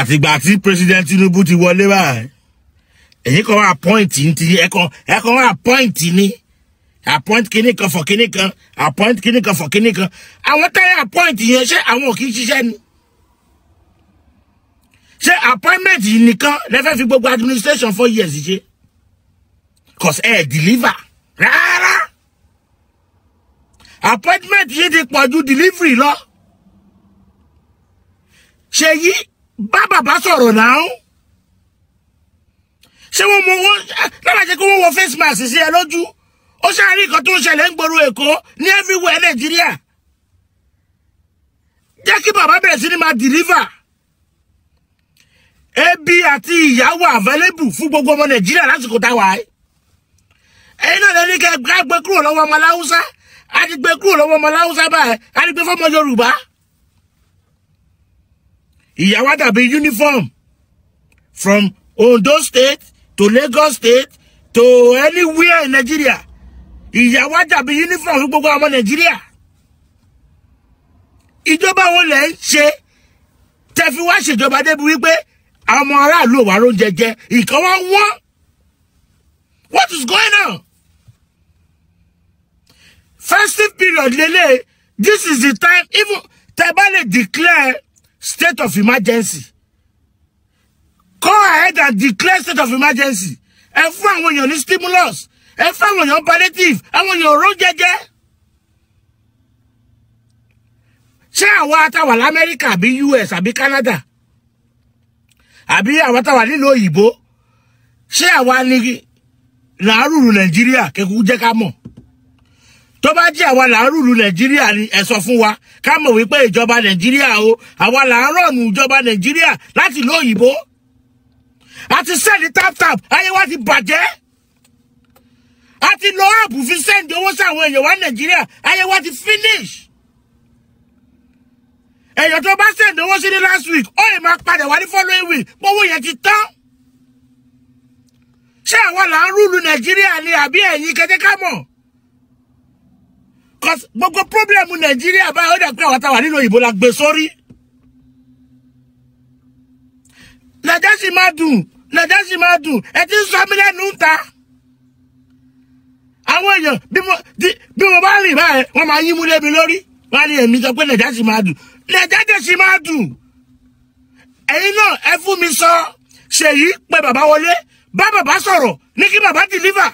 àtìgbà tí president Tinubu ti wọlé báyìí èyí kan wà pọ́ìntì ní ti ẹ̀kan ẹ̀kan wà pọ́ìntì ní appoint kíní kan fọ̀ kíní kan appoint kíní kan fọ̀ kíní kan àwọn táyà appoint yẹn ṣé àwọn ò kí ń ṣiṣẹ́ ni ṣé appointment yìí nìkan lẹ́fẹ́ fi gbogbo administration four years ṣe cause ẹ̀ deliver rárá appointment yìí ti pọ̀ ju delivery lọ ṣe yìí Baba bàbá sọ̀rọ̀ náà ṣé wọ́n mọ owó eh, lára jẹ́ kí wọ́n wọ face mask sí ẹ lójú ó ṣàárín nǹkan tó ń ṣẹlẹ̀ ń gbòòrò èkó ní everywhere nàìjíríà jẹ́ kí bàbá bẹ̀rẹ̀ sí ni máa deliver ebi àti ìyà wà available fún gbogbo ọmọ nàìjíríà lásìkò táwa ẹ ẹ̀yin náà lẹni kẹ gbẹ kúrò lọ́wọ́ ọmọ aláwùsá àti gbẹ kúrò lọ́wọ́ ọmọ aláwùsá báyìí àti gbẹ fọmọ yorùbá ìyà wa dàbí uniform from Ondo state to Lagos state to anywhere in Nigeria ìyà wa dàbí uniform fún gbogbo ọmọ Nigeria. ìjọba wo lẹ ń ṣe tẹ́ fi wá ṣèjọba débi wípé àwọn ọmọ aráàlú ò wá róúnjẹ jẹ ìkan wọn wọn what is going on festive period lele this is the time even tẹ́ bá lè declare state of emergency go ahead and declare state of emergency Everyone fún àwọn èèyàn ní stimulus ẹ fún àwọn èèyàn palliative àwọn èèyàn òró jẹjẹ ṣé àwa táwà lamẹ́ríkà àbí US àbí Canada àbí àwa táwà nílùú òyìnbó ṣé àwa ni làárùrù Nàìjíríà kẹkù go ká mọ̀ tó bá jẹ́ àwa là ń rúlu nàìjíríà ni ẹ sọ fún wa ká mọ̀ wípé ìjọba nàìjíríà o àwa là ń rọ̀nù ìjọba nàìjíríà láti ló òyìnbó àti sẹ́ẹ̀dì tap-tap ayé wa ti bàjẹ́ àti lo app fi sẹ́ǹdì owó sáwọn èèyàn wa nàìjíríà ayé wa ti finish èèyàn tó bá sẹ́ǹdì owó sí ní last week ó yẹ máa padà wá ní following week gbówó yẹn ti tán ṣé àwa là ń rúlu nàìjíríà ni àbí ẹ̀yin kẹ́tẹ́ká mọ̀ because gbogbo problem nàìjíríà báyìí ó dẹ̀ pé àwọn táwa nínú òyìnbó la gbé sórí nàìjá sì máa dùn nàìjá sì máa dùn ẹ ti ń sọ mí lẹ́nu ń ta àwọn èèyàn bí mo bá rìn báyìí wọ́n máa yín mú lébi lórí wọ́n á ní èmi sọ pé nàìjá sì máa dùn nàìjá dẹ̀ sì máa dùn ẹ̀yin náà ẹ fún mi sọ ṣèyí pé bàbá wọlé bá bàbá sọ̀rọ̀ ní kí bàbá deliver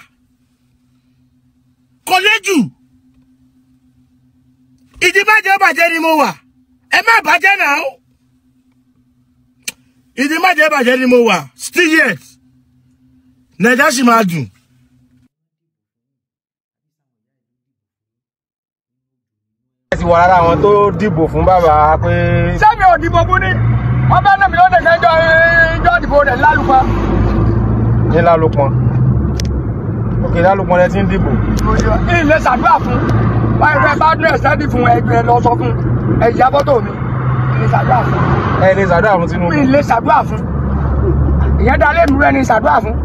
kọ́lẹ́jù ìdíbàjẹ́ ó bàjẹ́ ni mo wà ẹ má bàjẹ́ náà ìdíbàjẹ́ bàjẹ́ ni mo wà still yet nàìjà sì máa dùn. ẹ̀sì wà lára àwọn tó dìbò fún bàbá pé. sẹ́mi ò dìbò fún ni wọ́n bá nàmí lọ́dẹ̀ kẹjọ ìjọ ìdìbò rẹ̀ lálùpọ̀. ní lálùpọ̀ òkè lálùpọ̀ rẹ ti ń dìbò. ilé ṣàdúrà fún ẹgbẹ́ bá dún fún ẹgbẹ́ lọ sọ fún ẹ̀yà bọ́tò mi ní ṣàdúrà fún. Tinubu. mi lè ṣàdúrà fún ìyẹn dalé mi rẹ ní ṣàdúrà fún.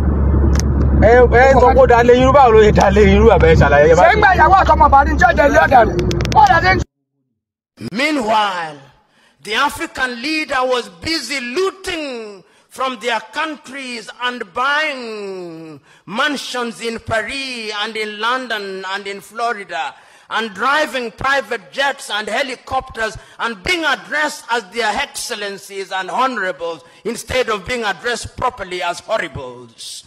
ẹ ẹ sọ pé dalé irú báwo ló yẹ dalé irú àbẹ ṣàlàyé yẹn báyìí. ṣé ń gbà ìyàwó àtọmọba ní jẹ́jẹ́ ilé ọ̀dà rẹ̀ wọ́n dà dé. Meanwhile, the African leader was busy looting from their countries and buying mansions in Paris and in London and in Florida. and driving private jets and helicopters and being addressed as their excellencies and honorables instead of being addressed properly as horribles.